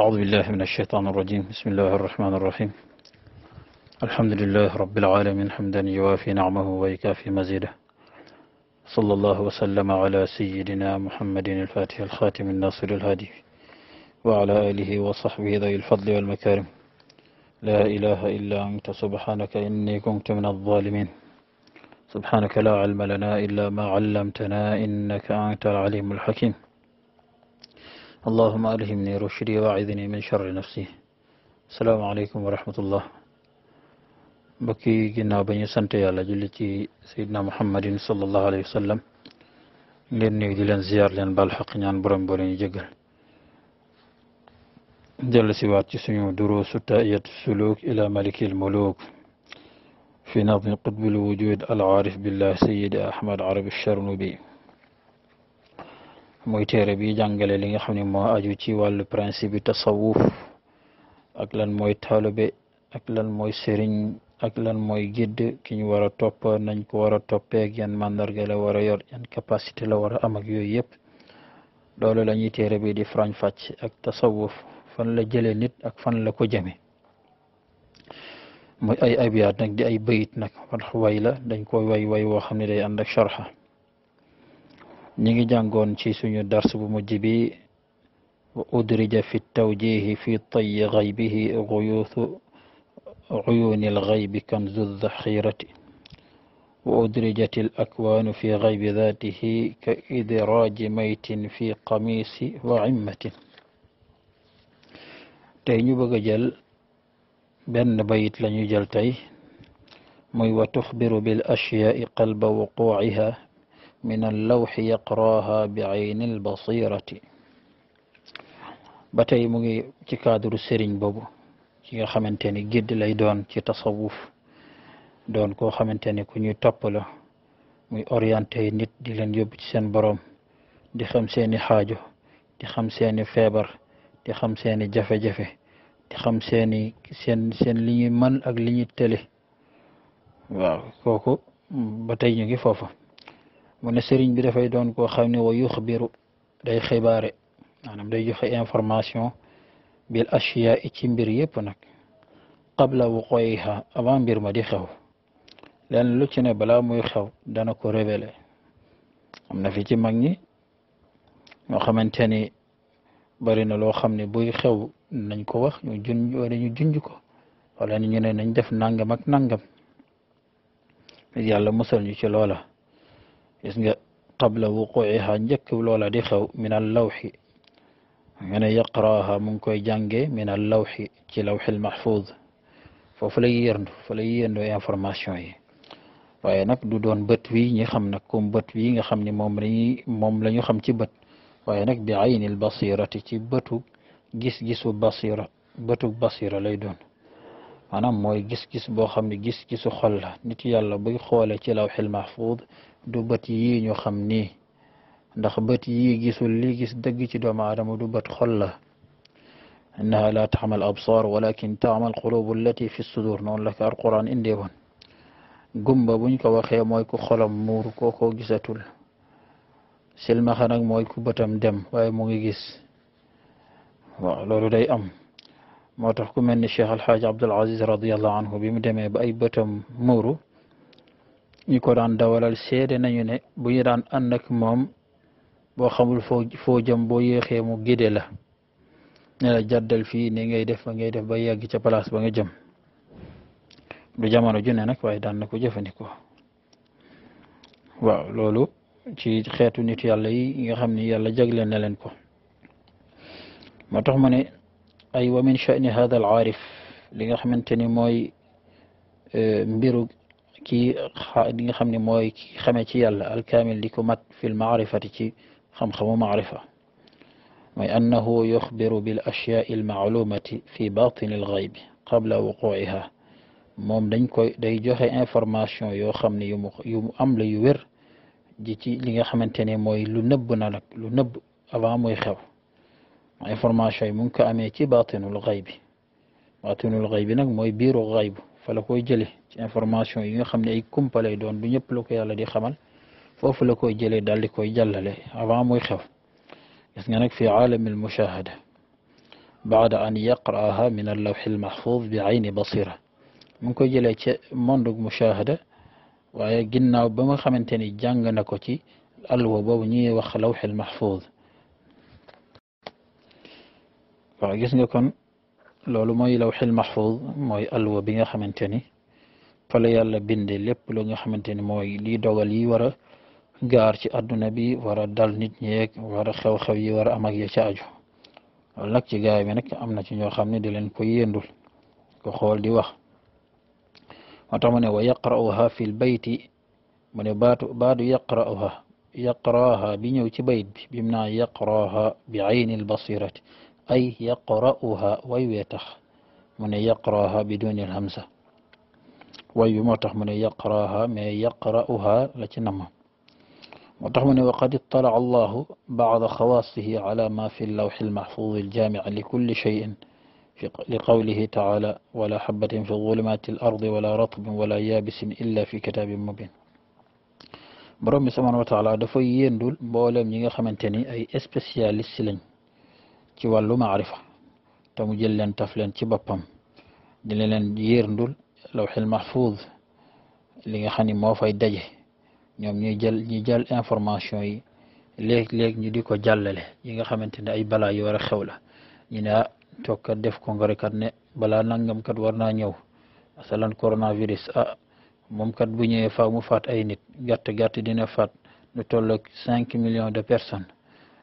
أعوذ بالله من الشيطان الرجيم بسم الله الرحمن الرحيم الحمد لله رب العالمين حمدا يوافي نعمه ويكافي مزيده صلى الله وسلم على سيدنا محمد الفاتح الخاتم الناصر الهادي وعلى آله وصحبه ذوي الفضل والمكارم لا إله إلا أنت سبحانك إني كنت من الظالمين سبحانك لا علم لنا إلا ما علمتنا إنك أنت العليم الحكيم اللهم ألهمني رشدي وأعذني من شر نفسي السلام عليكم ورحمة الله بكي جنا بني سنتي على لجلتي سيدنا محمد صلى الله عليه وسلم نيرني ديلن زيار لين بالحق نان بروم بولين جيغل ديل سي وات سي سونو درو الى ملك الملوك في نظم قطب الوجود العارف بالله سيد احمد عرب الشرنوبي mooy téere bi jàngale li nga xam ne moo aju ci wàllu principe bi tasawuf ak lan mooy taalube ak lan mooy seriñ ak lan mooy gidd ki ñu war a topp nañ ko war a toppeeg yan mandarga la war a yor yan capacité la war a am ak yooyu yëpp loolu la ñuy téere bi di farañ fàcc ak tasawuf fan la jële nit ak fan la ko jëme muy ay abiyaat nag di ay bayit nag wax way la dañ ko way way woo xam ne day ànd ak sharha ñi ngi jàngoon ci suñu dars bu mujj bi wa udrija fi tawjihi fi عيون الغيب كنز الذخيرة وأدرجت الأكوان في غيب ذاته كإدراج ميت في قميص وعمة تيني بغجل بن بيت لن يجل تي مي وتخبر بالأشياء قلب وقوعها من اللوح يقراها بعين البصيرة باتاي موغي تي كادر سيرين بوبو كيغا خامتاني جد لاي دون تي تصوف دون كو خامتاني كو نيو توپ لا موي اورينتي نيت دي لن يوب تي سن بروم دي خام سيني حاجو دي خام سيني فيبر دي خام سيني جافا جافا دي خام سيني سين سين لي ني مان اك لي ني تيلي واو كوكو باتاي نيغي فوفو mu ne seriñ bi dafay doon koo xam ne wa yuxbiru day xibaare maanaam day joxe information bil ashiyaa ci mbir yëpp nag qabla wuquuha avant mbir ma di xew leen lu ci ne balaa muy xew dana ko révélé am na fi ci mag ñi ñoo xamante ni bari na loo xam ne buy xew nañ ko wax ñu junj wala ñu junj ko wala ñu ne nañ def nangam ak nangam yàlla musal ñu ci loola gis nga qabla wuquucihaa njëkk loola di xew min allawxi nga ne yaqraaha mu ngi koy jànge min allawxi ci lawxil maxfuud foofu lay yërndu fa lay yërndoo information yi waaye nag du doon bët wi ñi xam nag comme bët wi nga xam ni moom lañuy moom la ñu xam ci bët waaye nag bi aynil basirati ci bëtu gis-gisu basira bëtu basira lay doon maanaam mooy gis-gis boo xam ne gis-gisu xol la nit yàlla buy xoole ci lawxil maxfuud du bët yi ñu xam ni ndax bët yi gisul li gis dëgg ci doomu aadama du bët xol la انها لا تعمل ابصار ولكن تعمل قلوب التي في الصدور نون لك القران اندي بون غومبا بون كو واخي موي كو خولم مور كو كو غيساتول سلما خان موي كو بتام ديم واي موغي غيس وا لولو داي ام موتاخ كو ملني شيخ الحاج عبد العزيز رضي الله عنه بيم ديمي باي بتام مورو ñi ko daan dawalal seede nañu ne bu ñu daan ànd ak moom boo xamul foo foo jëm boo yéexee mu gide la ne la jàddal fii ni ngay def ba ngay def ba yegg ca place ba nga jëm du jamono ju ne nag waaye daan na ko jëfandikoo waaw loolu ci xeetu nit yàlla yi nga xam ni yàlla jagleel na leen ko moo tax mu ne ay wa min chani hada al aarif li nga xamante ni mooy mbiru ki li nga xam ne mooy ki xamee ci yàlla alkaamil di ko mat fil maarifati ci xam-xamu maarifa mooy annahu yuxbiru bil ashyaai al maalumati fi batini al gaybi qabla wuquiha moom dañ koy day joxe information yoo xam ne yu mu yu mu am la yu wér ji ci li nga xamante ne mooy lu nëbb na nag lu nëbb avant muy xew information yi mu ngi ko amee ci batinul gaybi batinul gaybi nag mooy biiru gaybu fa la koy jëlee ci information yi nga xam ne ay kumpa lay doon du ñëpp la ko yàlla di xamal foofu la koy jëlee daal di koy jàllale avant muy xew gis nga nag fi aalami almushahada baada an yaqraaha min allawxi almaxfuz bi ayni basira mu ngi koy jëlee ci mondug mushahada waaye ginnaaw ba nga xamante ni jàng na ko ci alwa boobu ñuy wax lawxi almaxfuz waaw gis nga kon loolu mooy lawhil mahfuz mooy alluwa bi nga xamante ni fa la yàlla bindee lépp lu nga xamante ni mooy lii dogal yi war a gaar ci àdduna bi war a dal nit ñeeg war a xew-xew yi war a am ak ya ca aju loolu nag ci gaay bi nag am na ci ñoo xam ne di leen ko yéendul ko xool di wax moo tax mu ne wa yaqra'uha fil bayti mu ne baatu baatu yaqra'uha yaqraaha bi ñëw ci bayt bi bim naa yaqraaha bi aynil basirati أي يقرأها ويويتخ من يقرأها بدون الهمزة ويموتخ من يقرأها من يقرأها لكنما وضح من وقد اطلع الله بعض خواصه على ما في اللوح المحفوظ الجامع لكل شيء لقوله تعالى ولا حبة في ظلمات الأرض ولا رطب ولا يابس إلا في كتاب مبين برمي سبحانه وتعالى wa يندل بولم نيغا خمنتني أي nga xamante ci wàllu maarifa te mu jël leen taf leen ci boppam dina leen yir yéerndul lawxil mahfuz li nga xam ni moo fay daje ñoom ñuy jël ñuy jël information yi léeg-léeg ñu di ko jàllale yi nga xamante ne ay balaa yu war a xew la ñu ne ah def congrès kat ne balaa nangam kat war naa ñëw asalan coronavirus ah moom kat bu ñëwee faaw mu faat ay nit gàtt gàtt dina faat nu toll ak cinq millions de personnes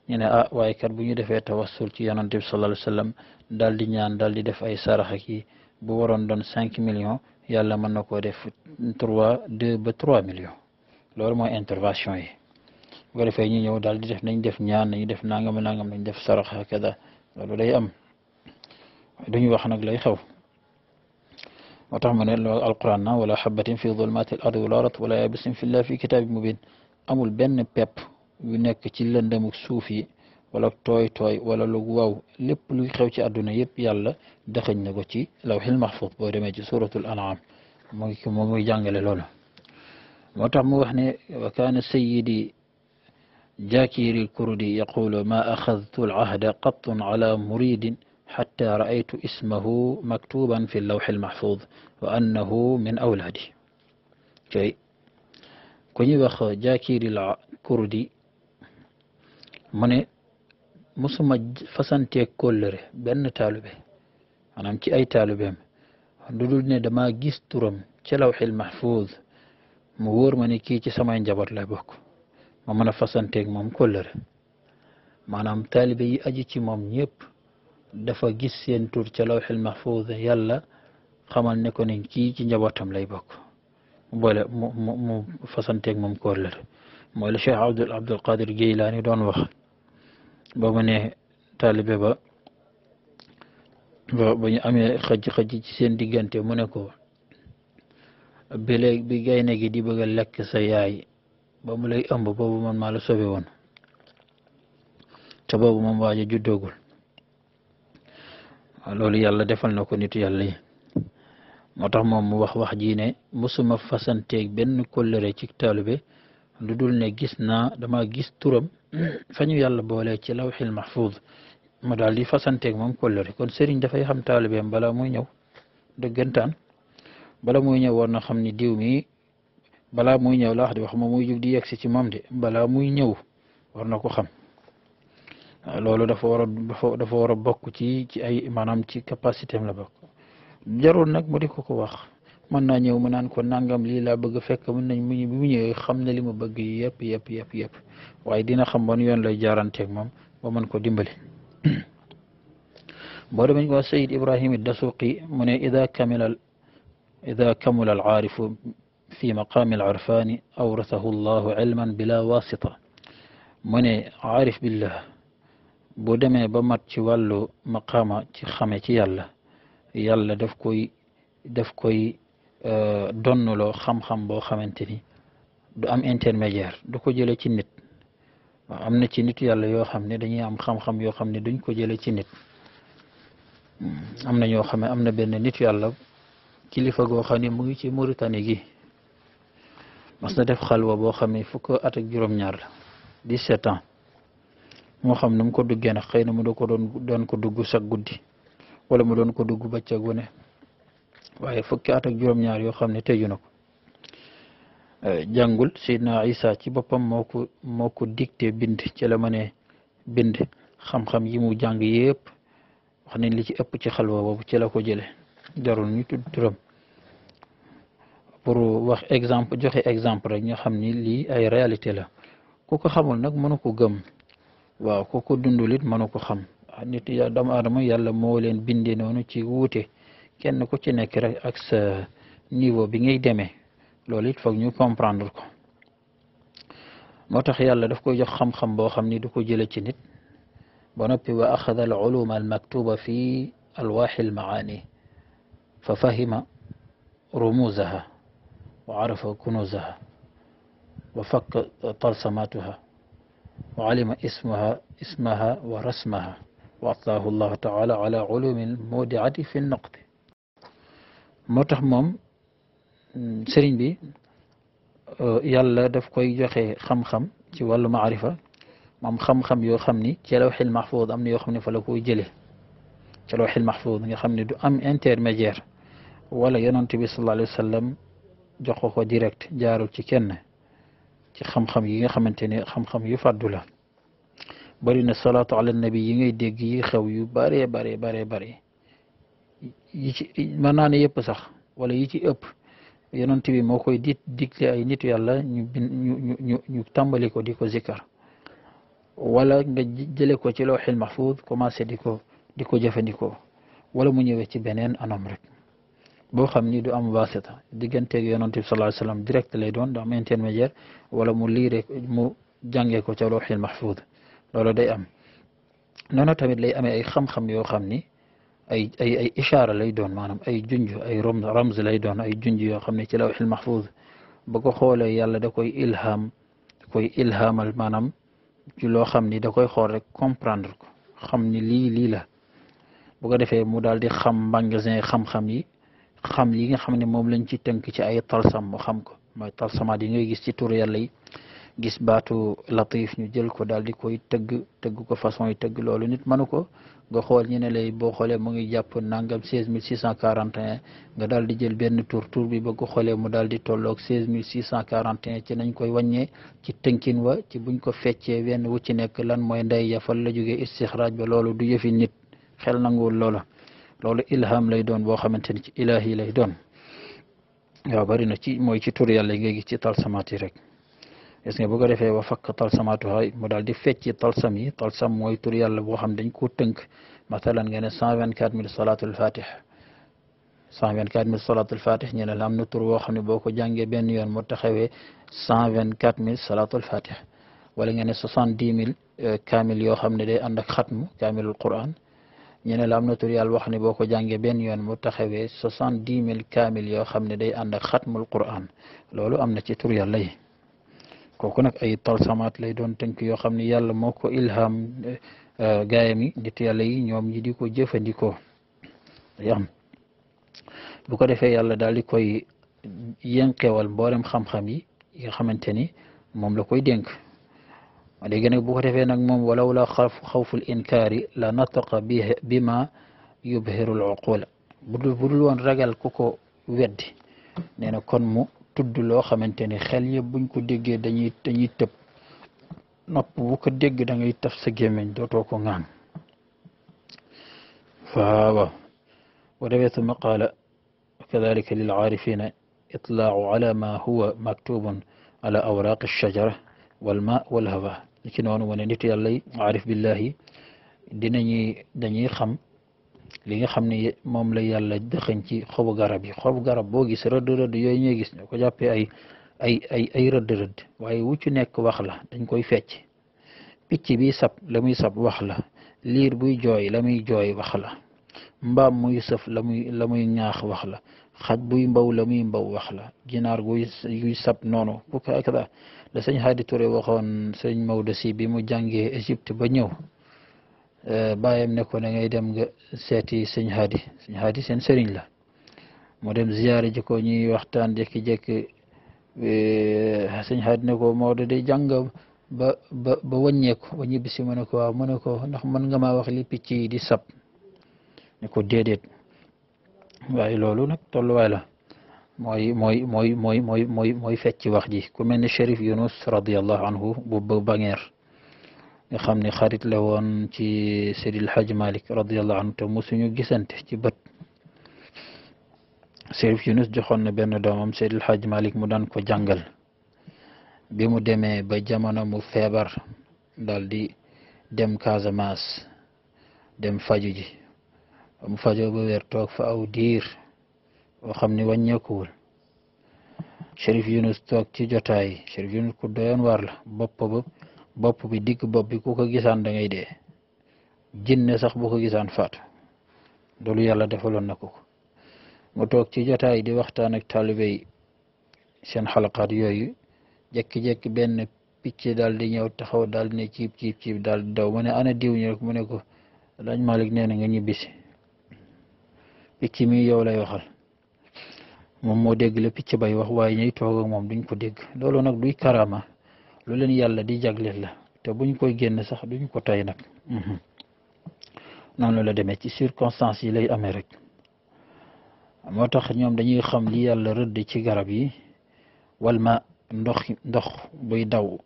ñu ne ah waaye kat bu ñu defee tawassul ci yonante bi sallallahu alayhi wa sallam daal di ñaan daal di def ay saraxa ki bu waroon doon cinq millions yàlla mën na koo def trois deux ba trois millions loolu mooy intervention yi bu ko defee ñu ñëw daal di def nañ def ñaan nañ def nangam nangam nañ def saraxa kada loolu day am duñu wax nag lay xew moo tax mu ne alquran na wala xabatin fi zulmaati al ard wala rat wala yabisin fi illa fi kitabi mubin amul benn pepp ونك تيلن دمك سوفي ولا توي توي ولا لغواو لب لغي خوشي أدونا يب يالا دخن نغوشي لوحي المحفوظ بوري ميجي سورة الأنعام موكي مومو جانجل لولا متعموحني وكان سيدي جاكير الكردي يقول ما أخذت العهد قط على مريد حتى رأيت اسمه مكتوبا في اللوح المحفوظ وأنه من أولادي كي كوني وخو جاكير الكردي mu ne musuma fasanteek kóllëre benn taalube maanaam ci ay taalubeem lu ne dama gis turam ci lawxil mahfuz mu wóor ma ne kii ci samay njaboot lay bokk ma mën a fasanteeg moom kóllëre maanaam taalibe yi aji ci moom ñëpp dafa gis seen tur ca lawxil mahfuz yàlla xamal ne ko ne kii ci njabootam lay bokk mu boole mu mu fasanteeg moom kóllëre mooy la Cheikh Abdul Abdul Qadir Jeylaani doon wax boobu ne taalibe ba ba bu ñu amee xëj-xëj ci seen diggante mu ne ko bile bi gayne gi di bëgg a lekk sa yaay ba mu lay ëmb boobu man maa la sobe woon te boobu moom waaja juddoogul loolu yàlla defal na ko nitu yàlla yi moo tax moom mu wax wax jii ne mosuma fasanteeg benn kollëre ci taalibe lu dul ne gis naa dama gis turam fa ñu yàlla boole ci lawxil mahfuz ma daal di fasanteeg moom kóllëre kon sëriñ dafay xam taalibeem bala muy ñëw dëggantaan bala muy ñëw war na xam ni diw mi balaa muy ñëw laax di wax moom muy jug di yegsi ci moom de balaa muy ñëw war na ko xam loolu dafa war a dafa war a bokk ci ci ay maanaam ci capacité am la bokk jarul nag mu di ko ko wax mën naa ñëw ma naan ko nangam lii laa bëgg fekk mën nañ mu bi mu ñëwee xam na li mu bëgg yëpp yëpp yëpp yëpp waaye dina xam ban yoon lay jaaranteeg moom ba mën ko dimbali boo demañ ko sayid ibrahim dasuqi mu ne ida kamila ida al aarifu fi maqaami al arfaani awrasahu allahu ilman bila ba mat ci wàllu maqaama ci xame ci yàlla yàlla daf koy daf koy Euh, donnuloo xam-xam boo xamante ni du am intermédiaire do ko jële ci nit am na ci nit yàlla yoo xam ne dañuy am xam-xam yoo xam ne duñ ko jëlee ci nit hmm, am na ñoo xam ne am na benn nit yàlla kilifa goo xam ne mu ngi ci Mauritanie gi mas na def xalwa boo xam ne fukk at ak juróom-ñaar la dix-sept ans moo xam nu mu ko duggee na xëy na mu doon ko doon doon ko dugg sa guddi wala mu doon ko dugg bëccëg wu ne waaye fukki at ak juróom-ñaar yoo xam ne tëju na ko euh, jàngul Seydina Isa ci boppam moo ko moo ko dicté bind ci la ma ne bind xam-xam yi mu jàng yëpp wax nañ li ci ëpp ci xalwa boobu ci la ko jële jarul ñu tudd turam pour wax exemple joxe exemple rek ñu xam ni lii ay réalité la ko ko xamul nag mënu ko gëm waaw ku ko dundulit mënu ko xam nit doomu aadama yàlla moo leen bindee noonu ci wuute كان كوتشي نكرا اكس آه، نيفو بيني ديمي لوليت فوق نيو كومبراندر كو موتاخ يالا داف كو خم خم بو خامني دوكو جيلي سي نيت با واخذ العلوم المكتوبه في الواح المعاني ففهم رموزها وعرف كنوزها وفك طلسماتها وعلم اسمها اسمها ورسمها واطلاه الله تعالى على علوم المودعه في النقد motax mom serigne bi yàlla daf koy joxe xam-xam ci walu maarifa mom xam-xam yo xamni ci lawhil mahfuz am na yoo xam fa la koy jele ci lawhil mahfuz nga xamni du am intermédiaire wala yonent bi sallallahu alayhi wasallam sallam jox ko direct jaarul ci kenn ci xam-xam yi nga xamante xam-xam yu fàddu la bari na salatu ala nabi yi ngay deg yi xew yu bare bare bare bare yi ci mën naa ne yëpp sax wala yi ci ëpp yonent bi moo koy di digle ay nitu yàlla ñu bin ñu ñu ñu tàmbali ko di ko zikkar wala nga jële ko ci lawxil mahfud commencé di ko di ko jëfandikoo wala mu ñëwee ci beneen anam rek boo xam ni du am wasita digganteeg yonent bi sallallahu alayhi direct lay doon du am wala mu liire mu jàngee ko ca lawxil mahfud loolu day am noonu tamit lay amee ay xam-xam yoo xam ni ay ay ay ishaara lay doon maanaam ay junj ay ramz lay doon ay junj yoo xam ne ci lawxil mahfuz ba ko xoolee yàlla da koy ilham koy ilhamal maanaam ci loo xam ni da koy xool rek comprendre ko xam ni lii lii la bu ko defee mu daal di xam magasin xam-xam yi xam yi nga xam ne moom lañ ci tënk ci ay talsam mu xam ko mooy talsamaat yi ngay gis ci turu yàlla yi gis baatu latif ñu jël ko daal di koy tëgg tëgg ko façon yi tëgg loolu nit mënu ko nga xool ñu ne lay boo xoolee mu ngi jàpp nangam seize mille six cent quarante et nga daal di jël benn tour tour bi ba ko xoolee mu daal di tolloog seize mille six cent quarante et un ci nañ koy waññee ci tënkin wa ci buñ ko feccee wenn wu ci nekk lan mooy ndey yafal la jógee istixraaj ba loolu du yëfi nit xel nanguwul loola loolu ilham lay doon boo xamante ni ci ilaahi lay doon waaw bari na ci mooy ci tur yàlla ngay gis ci talsamaati rek gis nga bu ko defee wa fakk talsamaatuha mu daal di fecci talsam yi talsam mooy tur yàlla boo xam dañ ko tënk mathalan nga ne cent vingt quatre mille salaatul fatih cent vingt quatre mille salaatul fatih ñu ne la am na tur boo xam ne boo ko jàngee benn yoon moo taxawee cent vingt quatre mille salaatul fatih wala nga ne soixante dix mille euh, kaamil yoo xam ne day ànd ak xatmu kaamilul quran ñu ne la am na tur yàlla wax ne boo ko jàngee benn yoon mu taxawee soixante dix mille kaamil yoo xam ne day ànd ak xatmul loolu am na ci tur yàlla yi kooku nag ay talsamaat lay doon tënk yoo xam ne yàlla moo ko ilham eh, eh, gaayam yi nit yàlla yi ñoom ñi di ko jëfandikoo yam bu ko defee yàlla daal di koy yënqewal mboolem xam-xam yi yi nga xamante ni moom la koy dénk léegi nag bu defee nag moom wala la xaf xawful inkaari la nataqa bi bima yubhirul uqula budul budul woon ragal ku ko weddi nee kon mu tudd loo xamante ni xel yëpp buñ ko déggee dañuy dañuy tëb nopp bu ko dégg da ngay taf sa gémmiñ dootoo ko ŋaan waaw wa defee suma qaala kadalika lil aarifina itlaau ala ma huwa maktubun ala awraq alshajara walma walhawa li ci noonu wane nit yàlla yi aarif billahi dinañuy dañuy xam li nga xam ne moom la yàlla dëxañ ci xobu garab yi xobu garab boo gis rëdd rëdd yooyu ñuy gis ñu ko jàppee ay ay ay ay rëdd rëdd waaye wu ci nekk wax la dañ koy fecc picc bi sab la muy sab wax la liir buy jooy la muy jooy wax la mbaam muy sëf la muy la muy ñaax wax la xaj buy mbaw la muy mbaw wax la ginaar guy guy sab noonu bu la sëñ Hadi Touré waxoon sëñ Maodo si bi mu jàngee Égypte ba ñëw Eh, baayam ne ko na ngay dem nga seeti sëñ Hadi seen sëriñ la moo dem ziyaare ji ko waxtaan jékki-jékki eh, sëñ Hadi ne ko Maodo de jàng ba ba ba wàññeeku ba ñibbisi mu ne ko waaw mu ne ko ndax mën nga ma wax li picc yi di sab ne ko déedéet waaye loolu nag tolluwaay la mooy mooy mooy mooy mooy mooy mooy fecc wax ji ku mel ne Chérif Yunus radiallahu anhu bu ba bangeer nga xam ne xarit la woon ci Seydil Hadj Malick radiallahu anhu te musuñu gisante ci bët Serif Yunus joxoon na benn doomam Seydil Hadj malik mu daan ko jàngal bi mu demee ba jamono mu feebar dal di dem Casamance dem faju ji mu fajoo ba weer toog fa aw diir boo xam ne wàññeekuwul Cherif Yunus toog ci jotaay Cherif Yunus ku doyoon waar la bopp ba bopp bi dikk bopp bi ku ko gisaan dangay de dee jinne sax bu ko gisaan faatu loolu yàlla defaloon na ko mu toog ci jotaay di waxtaan ak taalibe yi seen xalaqaat yooyu jekki-jekki benn picc dal di ñëw taxaw daal di ne ciib ciib ciib daal di daw mu ne ana diw ñu rek mu ne ko lañ Malick nee na nga ñibbisi picc mi yow lay waxal moom moo dégg la picc bay wax waaye ñuy toog moom duñ ko dégg loolu nag duy karama lu leen yàlla di jagleel la te buñ koy génn sax duñ ko tey nag mhm. noonu la demee ci circonstances yi lay amee rek moo tax ñoom dañuy xam li yàlla rëdd ci garab yi wal ma ndox ndox buy daw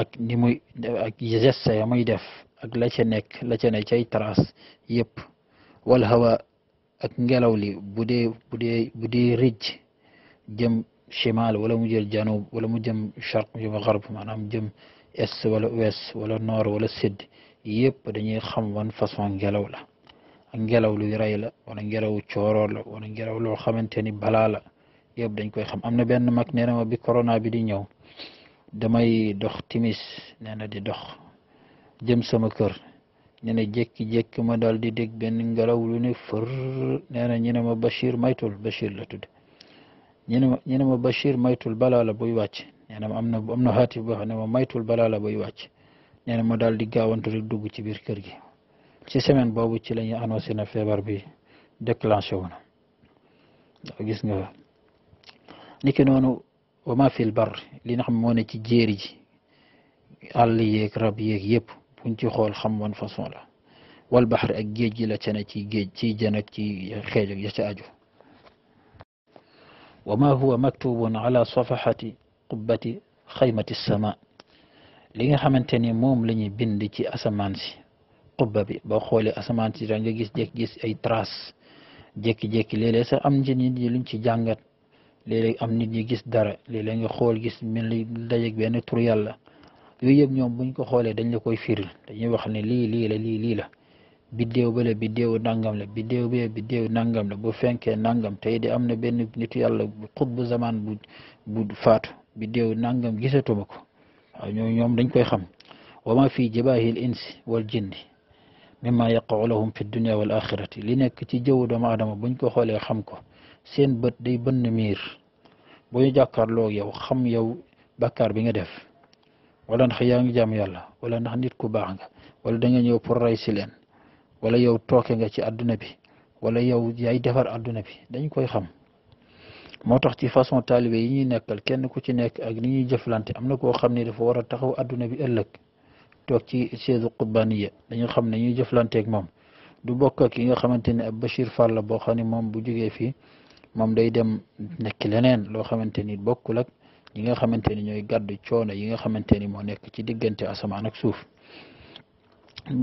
ak ni muy ak geste ya muy def ak la ca nekk la ci ne cay trace yëpp wal hawa ak ngelaw li bu dee bu dee bu dee rëj jëm chimal wala mu jël janub wala mu jëm charq mu jëm garb maanaam jëm est wala ouest wala nord wala sud yëpp dañuy xam wan façon ngelaw la ak ngelaw luy rey la wala ngelaw cooroor la wala ngelaw loo xamante ni balaa la yëpp dañ koy xam am na benn mag nee na ma bi corona bi di ñëw damay dox timis nee na di dox jëm sama kër nee na jékki-jékki ma dal di dégg benn ngelaw lu ne fër nee na ñu ne ma Bachir maytul Bachir la tudd ñu ne ma ñu ne ma Bachir maytul balaa la buy wàcc nee na ma am na am na xaatif boo xam ne ma maytul balaa la buy wàcc nee na ma daal di gaawantu rek dugg ci biir kër gi ci semaine boobu ci la ñu annoncé na feebar bi déclenché wu na gis nga niki noonu bar li na xam moo ne ci jéeri ji àll yeeg rab yeeg yëpp buñ ci xool xam woon façon la wal baxar ak géej gi la ca ne ci géej ci jën ak ci xeej ak ya ca aju wama huwa maktubun ala safahati qubbati xaymati sama li nga xamante ni moom la ñuy bind ci asamaan si qubba bi boo xoolee asamaan si da nga gis jékki-gis ay trace jékki-jékki sax am nit ñi luñ ci jàngat léeg am ni ñi gis dara léeg-léeg nga xool gis mel ni dajeeg benn tur yàlla yooyu yëpp ñoom buñ ko xoolee dañ la koy firil dañuy wax li lii la bidew bele bidew nangam la bidew be bidew nangam la bu fenke nangam tey de am na benn nitu yàlla bu zaman bu bu fatu bidew nangam gisatumako ñoo ñom dañ koy xam wa ma fi al insi wal jinn mimma yaqau lahum fi dunya wal akhirati li nek ci do ma aadama buñ ko xole xam ko seen beut day bënn mir bu ñu jàkkaarloo yow xam yow bakkar bi nga def wala ndax yaangi ngi jàmm yàlla wala ndax nit ku baax nga wala da nga ñëw pour ray si leen wala yow tooke nga ci àdduna bi wala yow yaay defar àdduna bi dañ koy xam moo tax ci façon taalibe yi ñuy nekkal kenn ku ci nekk ak ni ñuy jëflante am na koo xam ne dafa war a taxaw àdduna bi ëllëg toog ci chaise qurbaaniya dañu xam ne ñuy jëflanteeg moom du bokk ak yi nga xamante ne ab Bachir Fall la boo xam ne moom bu jugee fii moom day dem nekk leneen loo xamante ni bokkul ak ñi nga xamante ni ñooy gàddu coono yi nga xamante ni moo nekk ci diggante asamaan ak suuf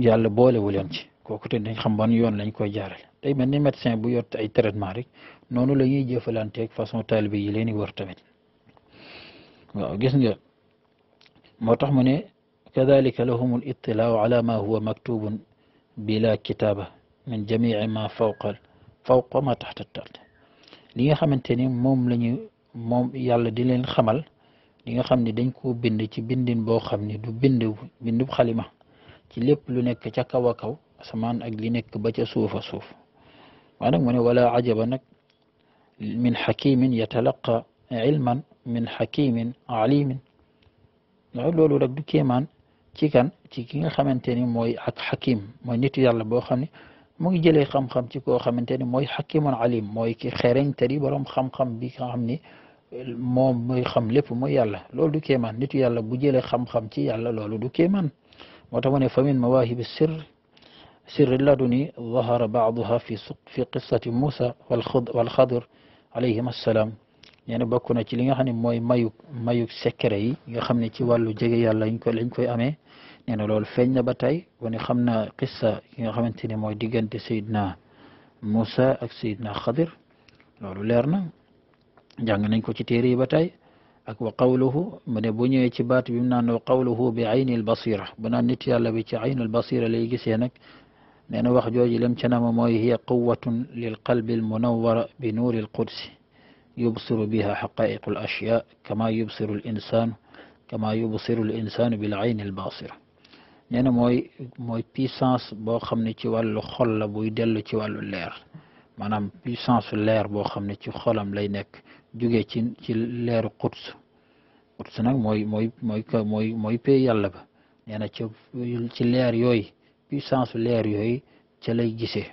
yàlla boolewu leen ci kooku te dañ xam ban yoon lañ koy jaaral tey mel ni médecin bu yor ay traitement rek noonu la ñuy jëfalanteeg façon taalibe yi leen di war tamit waaw gis nga moo tax mu ne kadalika lahum al ittilaau ma huwa maktubun bila kitaaba min jamici ma fawqa fawqa ma taxta tart li nga xamante ni moom la moom yàlla di leen xamal li nga xam ne dañ koo bind ci bindin boo xam ne du bind bindu xalima ci lépp lu nekk ca kaw a kaw سمان أجلينك بجسوف فسوف وأنك من ولا عجب أنك من حكيم يتلقى علما من حكيم عليم نقول له لك بكيمان كي كان تيكين خمنتيني موي حك حكيم موي نيت يالا بو خامني موي جيلي خم خم تي كو خمنتيني موي حكيم عليم موي كي خيرين تري بروم خم خم بي خامني موم موي خم ليب موي يالا لولو كيمان نيت يالا بو جيلي خم خم تي يالا لولو دو كيمان موتا موني فامين مواهب السر سر اللدني ظهر بعضها في في قصة موسى والخضر عليهما السلام يعني بكونا تلين يعني ماي ماي ماي سكري يخمني تي والو جيجي يلا ينكو لينكو امي يعني لو الفين باتاي وني قصة يخمنتني ماي ديجان دي سيدنا موسى اك سيدنا خضر لو ليرنا جانا ننكو تيري باتاي اك وقوله من بني تي بات بمنا قوله بعين البصيرة بنا نتي يلا بيتي عين البصيرة اللي يجي سينك nee na wax jooju lim ca nama mooy hiya quwatun lil qalbi almunawara bi nuuri alqudsi yubsiru biha xaqaiqu al ashya kama yubsiru al insaanu kama yubsiru al insaanu bil ayni al basira nee na mooy mooy puissance boo xam ne ci wàllu xol la buy dellu ci wàllu leer maanaam puissance leer boo xam ne ci xolam lay nekk jóge ci ci leeru quds quds nag mooy mooy mooy mooy mooy yàlla ba ci ci leer yooyu puissance leer yooy ca lay gisee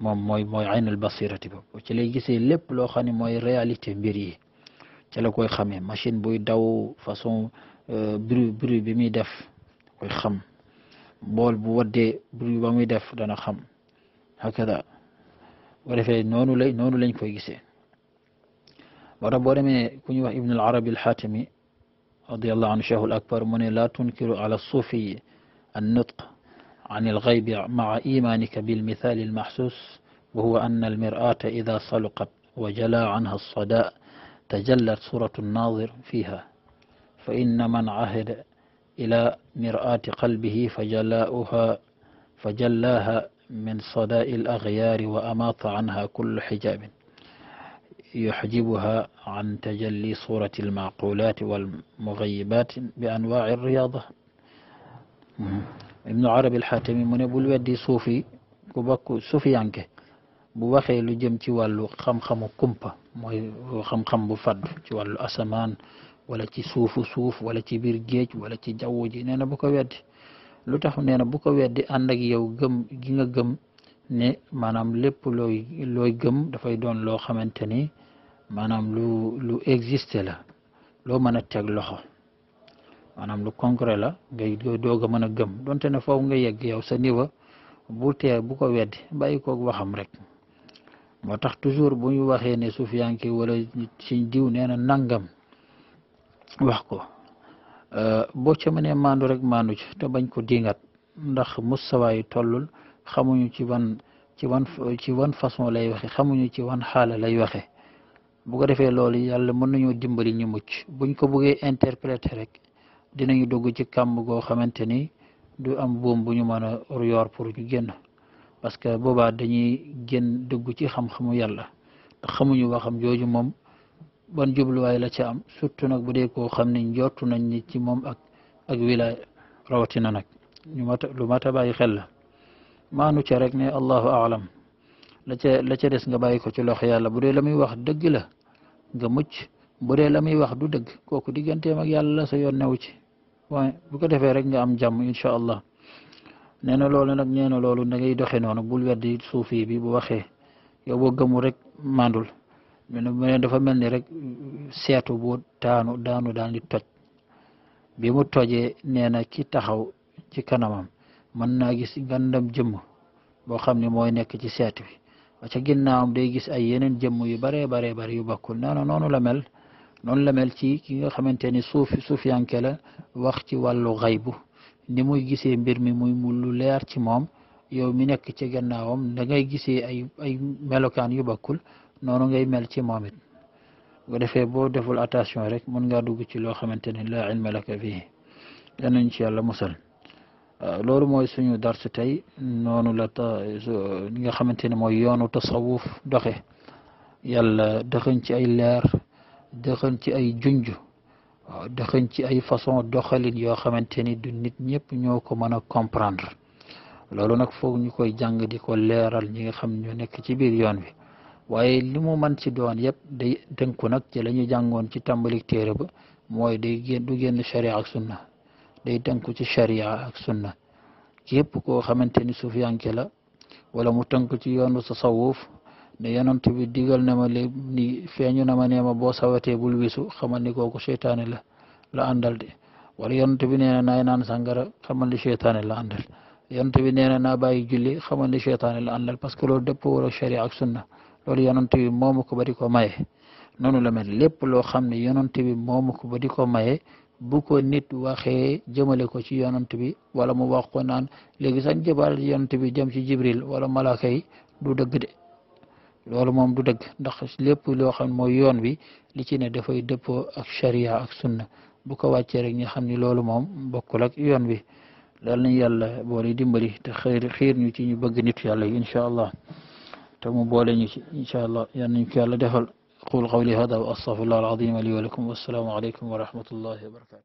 moom mooy mooy aynul basirati boobu ca lay gisee lépp loo xam ne mooy réalité mbir yi ca la koy xamee machine buy daw façon euh, bruit bruit bi muy def koy xam bool bu waddee bruit ba muy def dana xam hakada bu defee noonu lay noonu lañ koy gisee moo tax boo demee wax ibn al arabi al xaatimi radiallahu anhu cheikh al akbar mu ala suufiyi an nutq عن الغيب مع إيمانك بالمثال المحسوس وهو أن المرآة إذا صلقت وجلى عنها الصداء تجلت صورة الناظر فيها فإن من عهد إلى مرآة قلبه فجلاؤها فجلاها من صداء الأغيار وأماط عنها كل حجاب يحجبها عن تجلي صورة المعقولات والمغيبات بأنواع الرياضة ibnu arabi alxaatimi mu ne bul weddi suufi ku bokk suufiyanke bu waxee lu jëm ci wàllu xam-xamu kumpa mooy xam-xam bu fàdd ci wàllu asamaan wala ci suufu suuf wala ci biir géej wala ci jaww ji nee na bu ko weddi lu tax nee na bu ko weddi ànd ak yow gëm gi nga gëm ne maanaam lépp looy looy gëm dafay doon loo xamante ni maanaam lu lu existe la loo mën a teg loxo maanaam lu concret la ngay doog a mën a gëm donte na foofu nga yegg yow sa niveau bu tee bu ko weddi bàyyi koog waxam rek moo tax toujours bu ñu waxee ne sufiyanke wala ci diw nee na nangam wax ko euh, boo ca mënee maandu rek maandu ci te bañ ko dingat ndax mustawa yi tollul xamuñu ci wan ci wan ci wan façon lay waxe xamuñu ci wan xaala lay waxee bu ko defee loolu yàlla mën nañoo dimbali ñu mucc buñ ko buggee interpréter rek dinañu dugg ci kàmb goo xamante ni du am buum bu ñu mën a yor pour ñu génn parce que boobaa dañuy génn dugg ci xam-xamu yàlla xamuñu waxam jooju moom ban jubluwaay la ci am surtout nag bu dee koo xam ne njortu nañ ni ci moom ak ak wilaay rawatina nag ñu mat lu mat a bàyyi xel la maanu ca rek ne allahu aalam la ca la ca des nga bàyyi ko ci loxo yàlla bu dee la muy wax dëgg la nga mucc bu dee muy wax du dëgg kooku digganteem ak yàlla la sa yoon newu ci waaye bu ko defee rek nga am jàmm incha allah nee na loolu nag nee na loolu da doxee noonu bul weddi suufi bi bu waxee yow boo gëmul rek mandul mais dafa mel ni rek seetu bu taanu daanu daal di toj bi mu tojee nee na ki taxaw ci kanamam mën naa gis ngandam jëmm boo xam ne mooy nekk ci seet bi ca ginnaawam day gis ay yeneen jëmm yu baree baree bari yu bokkul nee na noonu noonu la mel ci ki nga xamante ni suuf suufiyanke la wax ci wàllu xaybu ni muy gisee mbir mi muy mu lu leer ci moom yow mi nekk ci gannaawam da ngay gisee ay ay melokaan yu bokkul noonu ngay mel ci moom it bu defee boo deful attention rek mën ngaa dugg ci loo xamante ni laa ilma laka fii ci yàlla musal ah, loolu mooy suñu darsu tey noonu la ta nga xamante ni mooy yoonu tasawuf doxe yàlla dëxañ ci ay leer dëxan ci ay junj waaw dëxan ci ay façon doxalin yoo xamante ni du nit ñëpp ñoo ko mën a comprendre loolu nag foog ñu koy jàng di ko leeral ñi nga xam ñu nekk ci biir yoon bi waaye li mu mën ci doon yëpp day tënku nag ci la ñu jàngoon ci tàmbalik téere ba mooy day génn du génn sharia ak sunna day tënku ci sharia ak sunna képp koo xamante ni la wala mu tënku ci yoonu tasawuf ne yonent bi digal na ma léegi ni feeñu na ma nee ma boo sawatee bul wisu xamal ni kooku la la de wala yonent bi nee na naay naan sàngara xamal la àndal yonent bi nee na naa bàyyi julli xamal ni seytaane la àndal parce que loolu dëpp wala sharia ak sunna loolu yonent bi ba di maye noonu la mel lépp loo xam ne yonent bi moomu ko ba di ko maye bu ko nit waxee jëmale ko ci yonent bi wala mu wax ko naan léegi sax jëbal yonent bi jëm ci jibril wala malaaka loolu moom du dëgg ndax lépp loo xam mooy yoon wi li ci ne dafay dëppoo ak sharia ak sunna bu ko wàccee rek ñu xam ni loolu moom bokkul ak yoon wi daal nañ yàlla boole dimbali te xëy xiir ñu ci ñu bëgg nit yàlla yi incha allah te mu boole ñu ci incha allah yal nañ ko yàlla defal aqul qawli hada wa astaghfirullah al azim li wa lakum wassalaamu aleykum wa rahmatullahi wa barakatu